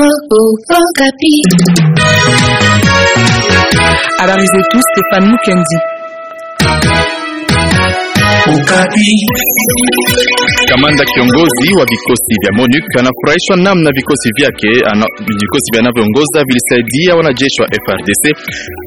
oh oh pas nous tous Stéphane Kamanda kiongozi wa vikosi vya MONUC anafurahishwa namna vikosi vyake ana, vikosi vyanavyoongoza vilisaidia wanajeshi wa FRDC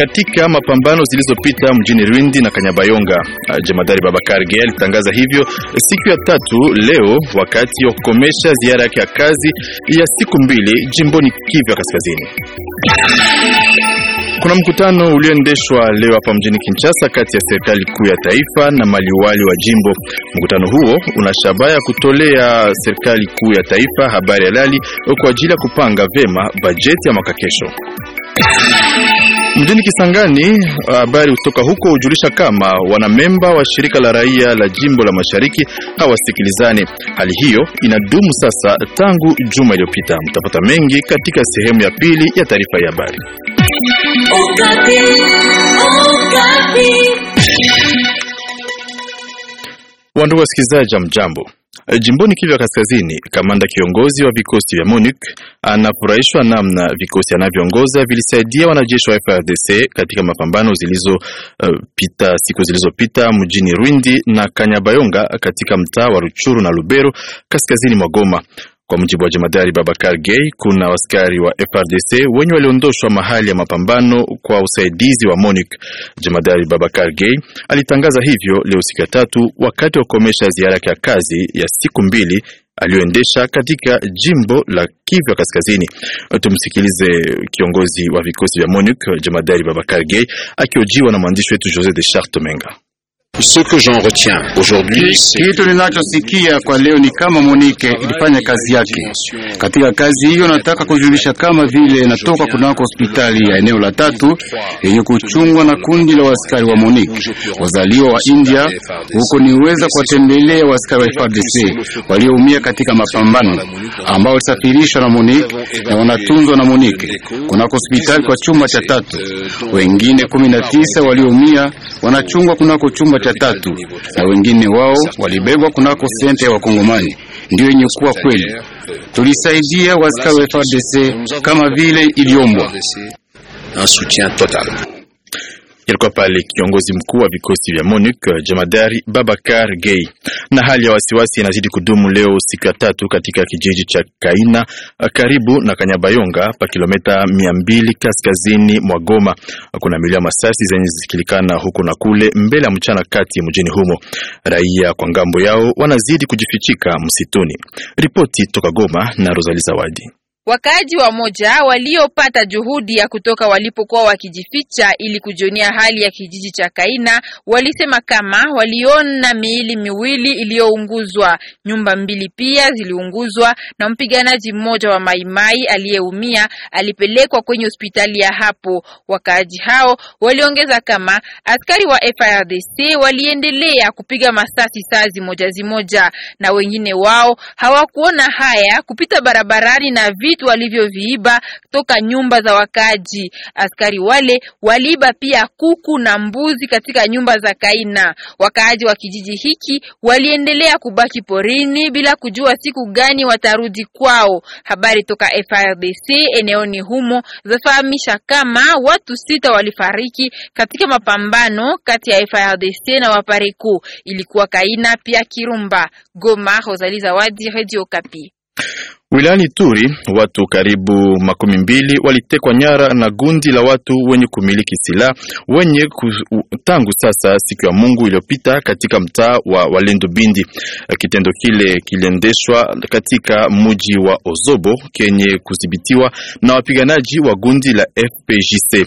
katika mapambano zilizopita mjini Rwindi na Kanyabayonga. Eh, Jemadari Babakar Gay alitangaza hivyo siku ya tatu leo wakati wa kukomesha ziara yake ya kazi ya siku mbili jimboni Kivu ya Kaskazini. Kuna mkutano ulioendeshwa leo hapa mjini Kinshasa kati ya serikali kuu ya taifa na maliwali wa jimbo. Mkutano huo una shabaha ya kutolea serikali kuu ya taifa habari halali kwa ajili ya kupanga vema bajeti ya mwaka kesho mjini Kisangani. Habari kutoka huko hujulisha kama wanamemba wa shirika la raia la jimbo la mashariki hawasikilizani. Hali hiyo inadumu sasa tangu juma iliyopita. Mtapata mengi katika sehemu ya pili ya taarifa ya habari. Wandugu wasikilizaji, mjambo. Jimboni Kivu Kaskazini, kamanda kiongozi wa vikosi vya MONUC anafurahishwa namna vikosi anavyoongoza vilisaidia wanajeshi wa frdc katika mapambano zilizopita eh, uh, siku zilizopita mjini Rwindi na Kanyabayonga katika mtaa wa Ruchuru na Lubero kaskazini mwa Goma. Kwa mujibu wa jemadari Babakar Gay, kuna askari wa FRDC wenye waliondoshwa mahali ya mapambano kwa usaidizi wa MONUC. Jemadari Babakar Gay alitangaza hivyo leo siku ya tatu, wakati wa kukomesha ziara ya kazi ya siku mbili aliyoendesha katika jimbo la Kivu ya Kaskazini. Tumsikilize kiongozi wa vikosi vya MONUC, jemadari Babakar Gay, akiojiwa na mwandishi wetu Jose de Char Tomenga. Ce que j'en retiens aujourd'hui, kitu ninachosikia kwa leo ni kama Monike ilifanya kazi yake. Katika kazi hiyo, nataka kujulisha kama vile natoka kunako hospitali ya eneo la tatu yenye kuchungwa na kundi la waskari wa Monike wazaliwa wa India. Huko niweza kuwatembelea waskari wa FARDC walioumia katika mapambano ambao walisafirishwa na Monike na wanatunzwa na Monike kunako hospitali kwa chumba cha tatu. Wengine 19 walioumia wanachungwa kunako chumba kinywa cha tatu, na wengine wao walibebwa kunako senta ya Wakongomani. Ndiyo yenye kuwa kweli, tulisaidia waskari wa kama vile iliombwa. Un soutien total. Yalikuwa pale kiongozi mkuu wa vikosi vya MONUC eh, Jamadari Babakar Gay. Na hali ya wasiwasi inazidi kudumu leo siku ya tatu katika kijiji cha Kaina eh, karibu na Kanyabayonga pa kilomita 200 kaskazini mwa Goma. Kuna milio masasi zenye zikilikana huko na kule mbele ya mchana kati mjini humo. Raia kwa ngambo yao wanazidi kujifichika msituni. Ripoti toka Goma na Rosali Zawadi. Wakaaji wa moja waliopata juhudi ya kutoka walipokuwa wakijificha ili kujionia hali ya kijiji cha Kaina walisema kama waliona miili miwili iliyounguzwa. Nyumba mbili pia ziliunguzwa na mpiganaji mmoja wa Maimai aliyeumia alipelekwa kwenye hospitali ya hapo. Wakaaji hao waliongeza kama askari wa FARDC waliendelea kupiga masasi saa zimoja zimoja, na wengine wao hawakuona haya kupita barabarani na vitu vitu walivyoviiba toka nyumba za wakaji. Askari wale waliiba pia kuku na mbuzi katika nyumba za Kaina. Wakaaji wa kijiji hiki waliendelea kubaki porini bila kujua siku gani watarudi kwao. Habari toka FRDC eneoni humo zafahamisha kama watu sita walifariki katika mapambano kati ya FRDC na Wapareco. Ilikuwa Kaina pia Kirumba. Goma, Rosalie Zawadi, Radio Kapi. Wilayani turi watu karibu makumi mbili walitekwa nyara na gundi la watu wenye kumiliki silaha wenye tangu sasa siku ya Mungu iliyopita katika mtaa wa Walendu Bindi. Kitendo kile kiliendeshwa katika mji wa Ozobo kenye kudhibitiwa na wapiganaji wa gundi la FPJC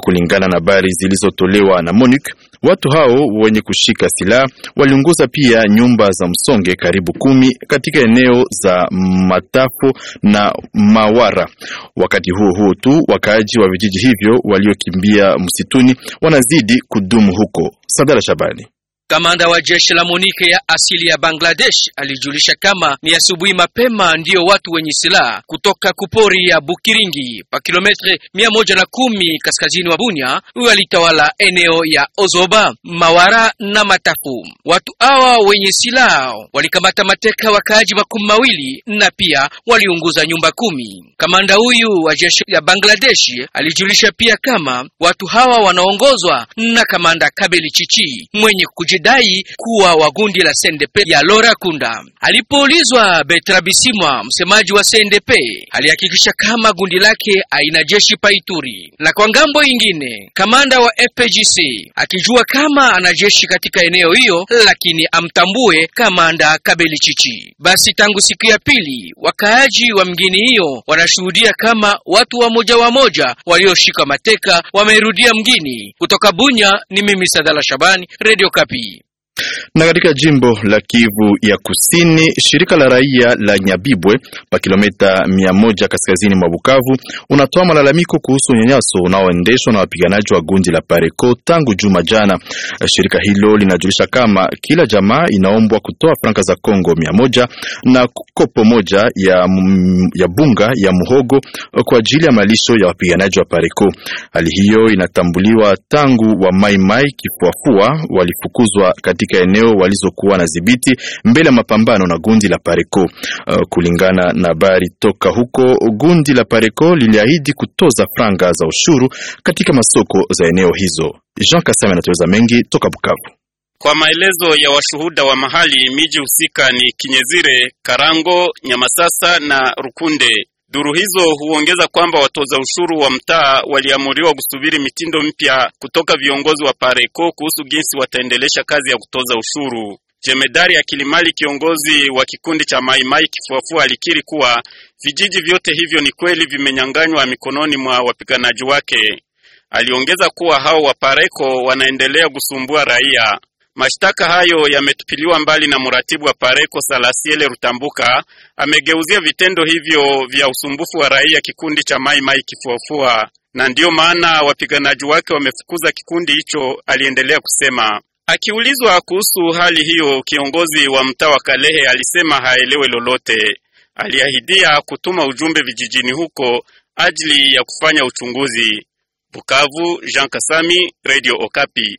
kulingana na habari zilizotolewa na Monique. Watu hao wenye kushika silaha waliunguza pia nyumba za msonge karibu kumi katika eneo za Matafu na Mawara. Wakati huo huo tu, wakaaji wa vijiji hivyo waliokimbia msituni wanazidi kudumu huko. Sadara Shabani. Kamanda wa jeshi la Monike ya asili ya Bangladesh alijulisha kama ni asubuhi mapema ndiyo watu wenye silaha kutoka kupori ya Bukiringi pa kilometre kumi kaskazini wa Bunia walitawala eneo ya Ozoba, Mawara na Matafu. Watu hawa wenye silaha walikamata mateka wakaaji makumi mawili na pia waliunguza nyumba kumi. Kamanda huyu wa jeshi ya Bangladesh alijulisha pia kama watu hawa wanaongozwa na kamanda Kabeli Chichi mwenye kuji akidai kuwa wa gundi la CNDP ya Lora Kunda. Alipoulizwa, Betrabisimwa, msemaji wa CNDP, alihakikisha kama gundi lake aina jeshi paituri, na kwa ngambo ingine kamanda wa FPGC akijua kama ana jeshi katika eneo hiyo, lakini amtambue kamanda Kabeli Chichi. Basi tangu siku ya pili wakaaji wa mgini hiyo wanashuhudia kama watu wa moja wa moja walioshika mateka wamerudia mgini. Kutoka Bunya ni mimi Sadala Shabani, Radio Kapi. Na katika jimbo la Kivu ya Kusini, shirika la raia la Nyabibwe pa kilomita mia moja kaskazini mwa Bukavu unatoa malalamiko kuhusu unyanyaso unaoendeshwa na wapiganaji wa gundi la pareco tangu juma jana. Shirika hilo linajulisha kama kila jamaa inaombwa kutoa franka za Kongo mia moja na kopo moja ya, ya bunga ya muhogo kwa ajili ya malisho ya wapiganaji wa pareco Hali hiyo inatambuliwa tangu wa Mai Mai Kifuafua walifukuzwa katika eneo walizokuwa na dhibiti mbele ya mapambano na gundi la Pareco. Uh, kulingana na habari toka huko, gundi la Pareco liliahidi kutoza franga za ushuru katika masoko za eneo hizo. Jean Kasame anatueleza mengi toka Bukavu. Kwa maelezo ya washuhuda wa mahali, miji husika ni Kinyezire, Karango, Nyamasasa na Rukunde. Duru hizo huongeza kwamba watoza ushuru wa mtaa waliamuriwa kusubiri mitindo mpya kutoka viongozi wa Pareco kuhusu jinsi wataendelesha kazi ya kutoza ushuru. Jemedari ya Kilimali, kiongozi wa kikundi cha Maimai Kifuafua, alikiri kuwa vijiji vyote hivyo ni kweli vimenyanganywa mikononi mwa wapiganaji wake. Aliongeza kuwa hao wa Pareco wanaendelea kusumbua raia. Mashtaka hayo yametupiliwa mbali na mratibu wa Pareko Salasiele Rutambuka amegeuzia vitendo hivyo vya usumbufu wa raia kikundi cha Mai Mai Kifuafua, na ndiyo maana wapiganaji wake wamefukuza kikundi hicho, aliendelea kusema. Akiulizwa kuhusu hali hiyo, kiongozi wa mtaa wa Kalehe alisema haelewe lolote. Aliahidia kutuma ujumbe vijijini huko ajili ya kufanya uchunguzi. Bukavu, Jean Kasami, Radio Okapi.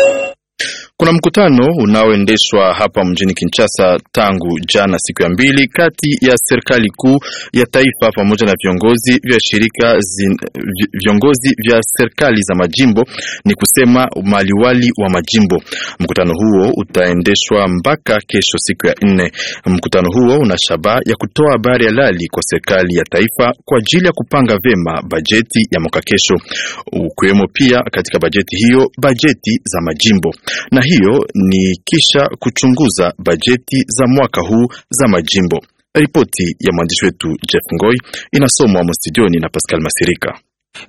Kuna mkutano unaoendeshwa hapa mjini Kinshasa tangu jana siku ya mbili kati ya serikali kuu ya taifa pamoja na viongozi vya shirika zin, viongozi vya serikali za majimbo ni kusema maliwali wa majimbo. Mkutano huo utaendeshwa mpaka kesho siku ya nne. Mkutano huo una shabaha ya kutoa habari halali kwa serikali ya taifa kwa ajili ya kupanga vema bajeti ya mwaka kesho, ukiwemo pia katika bajeti hiyo bajeti za majimbo na hiyo ni kisha kuchunguza bajeti za mwaka huu za majimbo. Ripoti ya mwandishi wetu Jeff Ngoi inasomwa mstudioni na Pascal Masirika.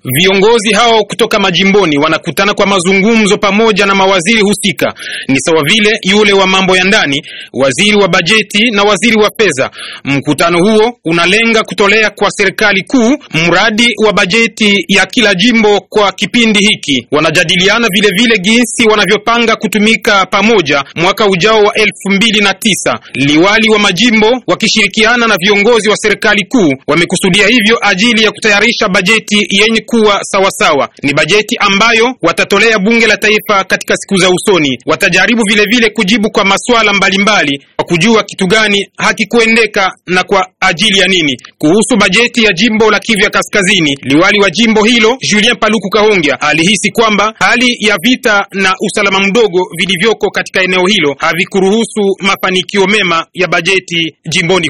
Viongozi hao kutoka majimboni wanakutana kwa mazungumzo pamoja na mawaziri husika, ni sawa vile yule wa mambo ya ndani, waziri wa bajeti na waziri wa fedha. Mkutano huo unalenga kutolea kwa serikali kuu mradi wa bajeti ya kila jimbo kwa kipindi hiki. Wanajadiliana vile vile jinsi wanavyopanga kutumika pamoja mwaka ujao wa elfu mbili na tisa. Liwali wa majimbo wakishirikiana na viongozi wa serikali kuu wamekusudia hivyo ajili ya kutayarisha bajeti yenye yenye kuwa sawasawa. Ni bajeti ambayo watatolea bunge la taifa katika siku za usoni. Watajaribu vilevile vile kujibu kwa masuala mbalimbali kwa kujua kitu gani hakikuendeka na kwa ajili ya nini. Kuhusu bajeti ya jimbo la Kivu ya Kaskazini, liwali wa jimbo hilo Julien Paluku Kahongya alihisi kwamba hali ya vita na usalama mdogo vilivyoko katika eneo hilo havikuruhusu mafanikio mema ya bajeti jimboni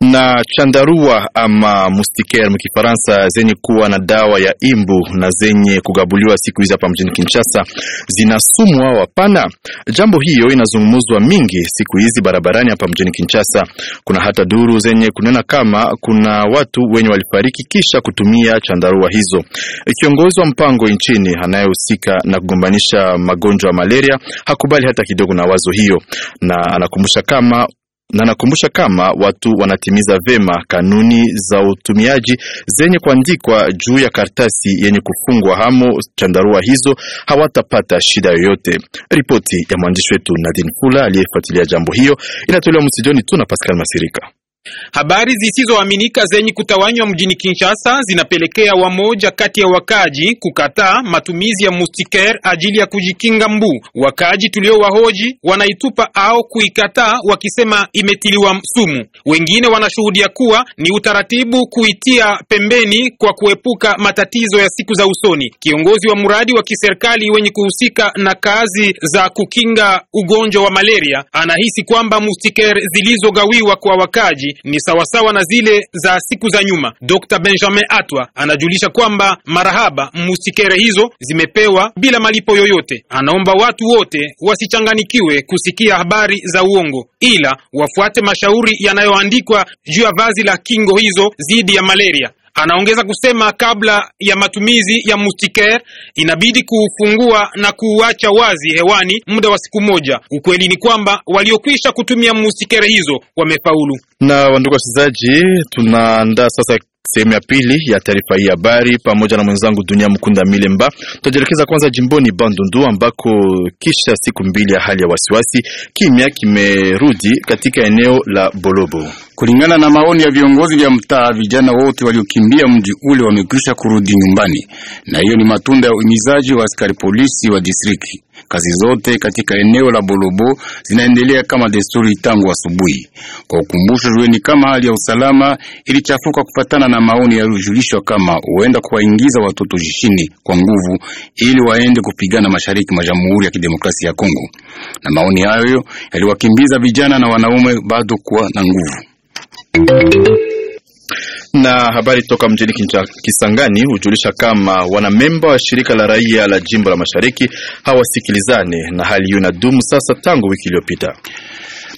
na chandarua ama mustiker mkifaransa zenye kuwa na dawa ya imbu na zenye kugabuliwa siku hizi hapa mjini Kinshasa zina sumu au hapana? Jambo hiyo inazungumzwa mingi siku hizi barabarani hapa mjini Kinshasa. Kuna hata duru zenye kunena kama kuna watu wenye walifariki kisha kutumia chandarua hizo. Kiongozi wa mpango nchini anayehusika na kugombanisha magonjwa ya malaria hakubali hata kidogo na wazo hiyo, na anakumbusha kama na nakumbusha kama watu wanatimiza vema kanuni za utumiaji zenye kuandikwa juu ya karatasi yenye kufungwa hamo chandarua hizo, hawatapata shida yoyote. Ripoti ya mwandishi wetu Nadine Fula aliyefuatilia jambo hiyo inatolewa msijoni tu na Pascal Masirika. Habari zisizoaminika zenye kutawanywa mjini Kinshasa zinapelekea wamoja kati ya wakaji kukataa matumizi ya mustiker ajili ya kujikinga mbu. Wakaji tuliowahoji wanaitupa au kuikataa wakisema imetiliwa sumu. Wengine wanashuhudia kuwa ni utaratibu kuitia pembeni kwa kuepuka matatizo ya siku za usoni. Kiongozi wa mradi wa kiserikali wenye kuhusika na kazi za kukinga ugonjwa wa malaria anahisi kwamba mustiker zilizogawiwa kwa wakaji ni sawasawa na zile za siku za nyuma. Dr Benjamin Atwa anajulisha kwamba marahaba musikere hizo zimepewa bila malipo yoyote. Anaomba watu wote wasichanganikiwe kusikia habari za uongo, ila wafuate mashauri yanayoandikwa juu ya vazi la kingo hizo dhidi ya malaria. Anaongeza kusema kabla ya matumizi ya mustiker inabidi kuufungua na kuuacha wazi hewani muda wa siku moja. Ukweli ni kwamba waliokwisha kutumia mustiker hizo wamefaulu. Na wandugu wasikilizaji, tunaandaa sasa sehemu ya pili ya taarifa hii habari pamoja na mwenzangu Dunia Mkunda Milemba. Tutajielekeza kwanza jimboni Bandundu ambako kisha siku mbili ya hali ya wasiwasi kimya kimerudi katika eneo la Bolobo. Kulingana na maoni ya viongozi vya mtaa, vijana wote waliokimbia mji ule wamekwisha kurudi nyumbani, na hiyo ni matunda ya uhimizaji wa askari polisi wa distriki. Kazi zote katika eneo la Bolobo zinaendelea kama desturi tangu asubuhi. Kwa ukumbusho, jueni kama hali ya usalama ilichafuka kufatana na maoni yaliyojulishwa kama huenda kuwaingiza watoto jishini kwa nguvu ili waende kupigana mashariki mwa Jamhuri ya Kidemokrasia ya Kongo, na maoni hayo yaliwakimbiza vijana na wanaume bado kuwa na nguvu. Na habari toka mjini Kisangani hujulisha kama wanamemba wa shirika la raia la jimbo la mashariki hawasikilizane, na hali hiyo inadumu sasa tangu wiki iliyopita.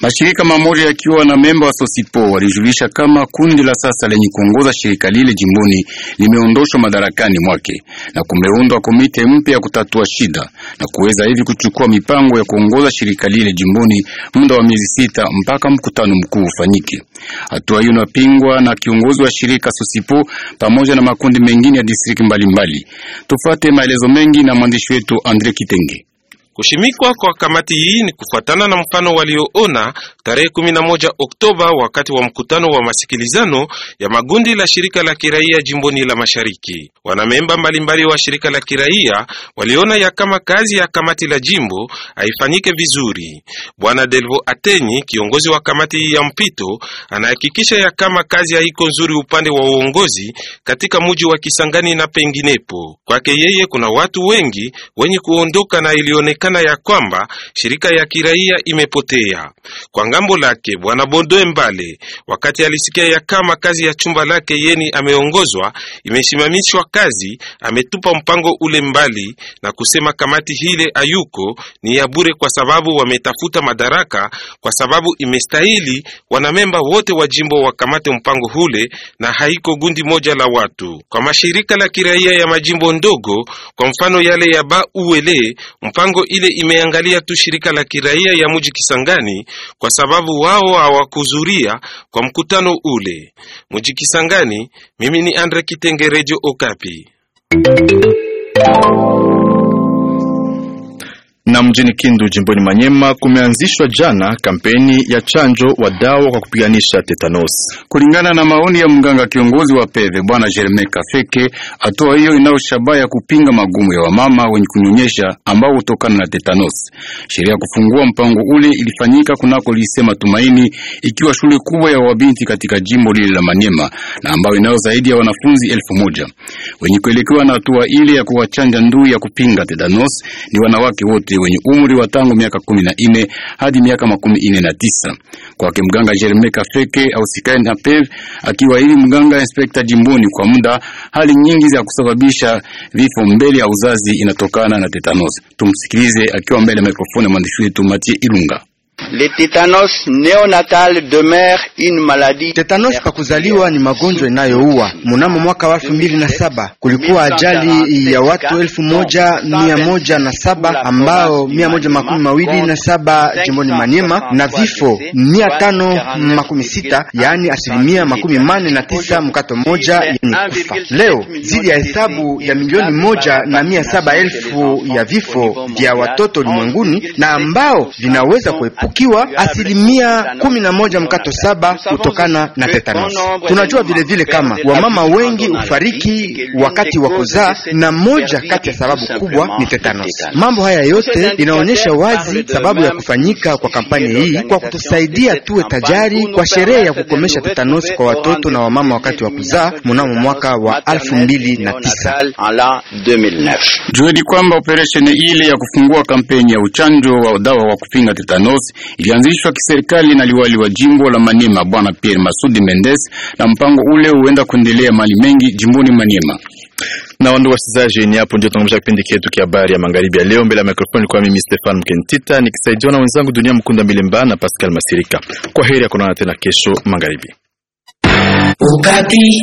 Mashirika mamoja yakiwa na memba wa Sosipo walijulisha kama kundi la sasa lenye kuongoza shirika lile jimboni limeondoshwa madarakani mwake na kumeundwa komite mpya ya kutatua shida na kuweza hivi kuchukua mipango ya kuongoza shirika lile jimboni muda wa miezi sita mpaka mkutano mkuu ufanyike. Hatua hiyo inapingwa na kiongozi wa shirika Sosipo pamoja na makundi mengine ya distrikti mbalimbali. Tufate maelezo mengi na mwandishi wetu Andre Kitenge. Kushimikwa kwa kamati hii ni kufuatana na mfano walioona tarehe 11 Oktoba wakati wa mkutano wa masikilizano ya magundi la shirika la kiraia jimboni la Mashariki. Wanamemba mbalimbali wa shirika la kiraia waliona ya kama kazi ya kamati la jimbo haifanyike vizuri. Bwana Delvo Atenyi, kiongozi wa kamati ya mpito, anahakikisha ya kama kazi haiko nzuri upande wa uongozi katika muji wa Kisangani na penginepo. Kwake yeye kuna watu wengi wenye kuondoka na ilionekana inaonekana ya kwamba shirika ya kiraia imepotea. Kwa ngambo lake, bwana Bondoe Mbale, wakati alisikia ya kama kazi ya chumba lake yeni ameongozwa imesimamishwa kazi, ametupa mpango ule mbali na kusema kamati hile ayuko ni ya bure, kwa sababu wametafuta madaraka, kwa sababu imestahili wanamemba wote wa jimbo wakamate mpango hule na haiko gundi moja la watu. Kwa mashirika la kiraia ya majimbo ndogo, kwa mfano yale ya ba uele mpango ile imeangalia tu shirika la kiraia ya muji Kisangani kwa sababu wao hawakuzuria kwa mkutano ule. Muji Kisangani, mimi ni Andre Kitenge, Radio Okapi. Na mjini Kindu jimboni Manyema kumeanzishwa jana kampeni ya chanjo wa dawa kwa kupiganisha tetanos. Kulingana na maoni ya mganga kiongozi wa peve bwana Germain Kafeke, hatua hiyo inayo shabaha ya kupinga magumu ya wamama wenye kunyonyesha ambao hutokana na tetanos. Sheria ya kufungua mpango ule ilifanyika kunako lisema tumaini ikiwa shule kubwa ya wabinti katika jimbo lile la Manyema na ambayo inayo zaidi ya wanafunzi elfu moja wenye kuelekewa na hatua ile ya kuwachanja ndui ya kupinga tetanos ni wanawake wote wenye umri wa tangu miaka kumi na ine hadi miaka makumi ine na tisa. Kwake mganga Jeremie Kafeke ausikae na PEV akiwa hivi mganga inspekta jimboni kwa muda, hali nyingi za kusababisha vifo mbele ya uzazi inatokana na tetanos. Tumsikilize akiwa mbele ya mikrofoni ya mwandishi wetu Matie Ilunga. Le tétanos neonatal demeure une maladie. Tétanos kwa kuzaliwa ni magonjwa inayoua. Mnamo mwaka wa elfu mbili na saba kulikuwa ajali ya watu elfu moja mia moja na saba ambao mia moja makumi mawili na saba jimboni Maniema na vifo mia tano makumi sita yaani asilimia makumi mane na tisa mkato moja yenye kufa. Leo zidi ya hesabu ya milioni moja na mia saba elfu ya vifo vya watoto ulimwenguni na ambao vinaweza kuepuka ikiwa asilimia kumi na moja mkato saba kutokana na tetanus. Tunajua vilevile kama wamama wengi hufariki wakati wa kuzaa, na moja kati ya sababu kubwa ni tetanus. Mambo haya yote inaonyesha wazi sababu ya kufanyika kwa kampani hii kwa kutusaidia tuwe tajari kwa sherehe ya kukomesha tetanus kwa watoto na wamama wakati wa kuzaa mnamo mwaka wa tisa. Jueni kwamba operesheni ile ya kufungua kampeni ya uchanjo wa dawa wa kupinga tetanos ilianzishwa kiserikali na liwali wa jimbo la Manema Bwana Pierre Masudi Mendes, na mpango ule huenda kuendelea mali mengi jimboni Manema na wandu wasizaji ni hapo ndio tunamsha kipindi chetu kia habari ya magharibi ya leo. Mbele ya mikrofoni kwa mimi Stefan Mkentita nikisaidiwa na wenzangu Dunia Mkunda Milemba na Pascal Masirika. Kwa heri ya kuonana tena kesho magharibi. Ukati.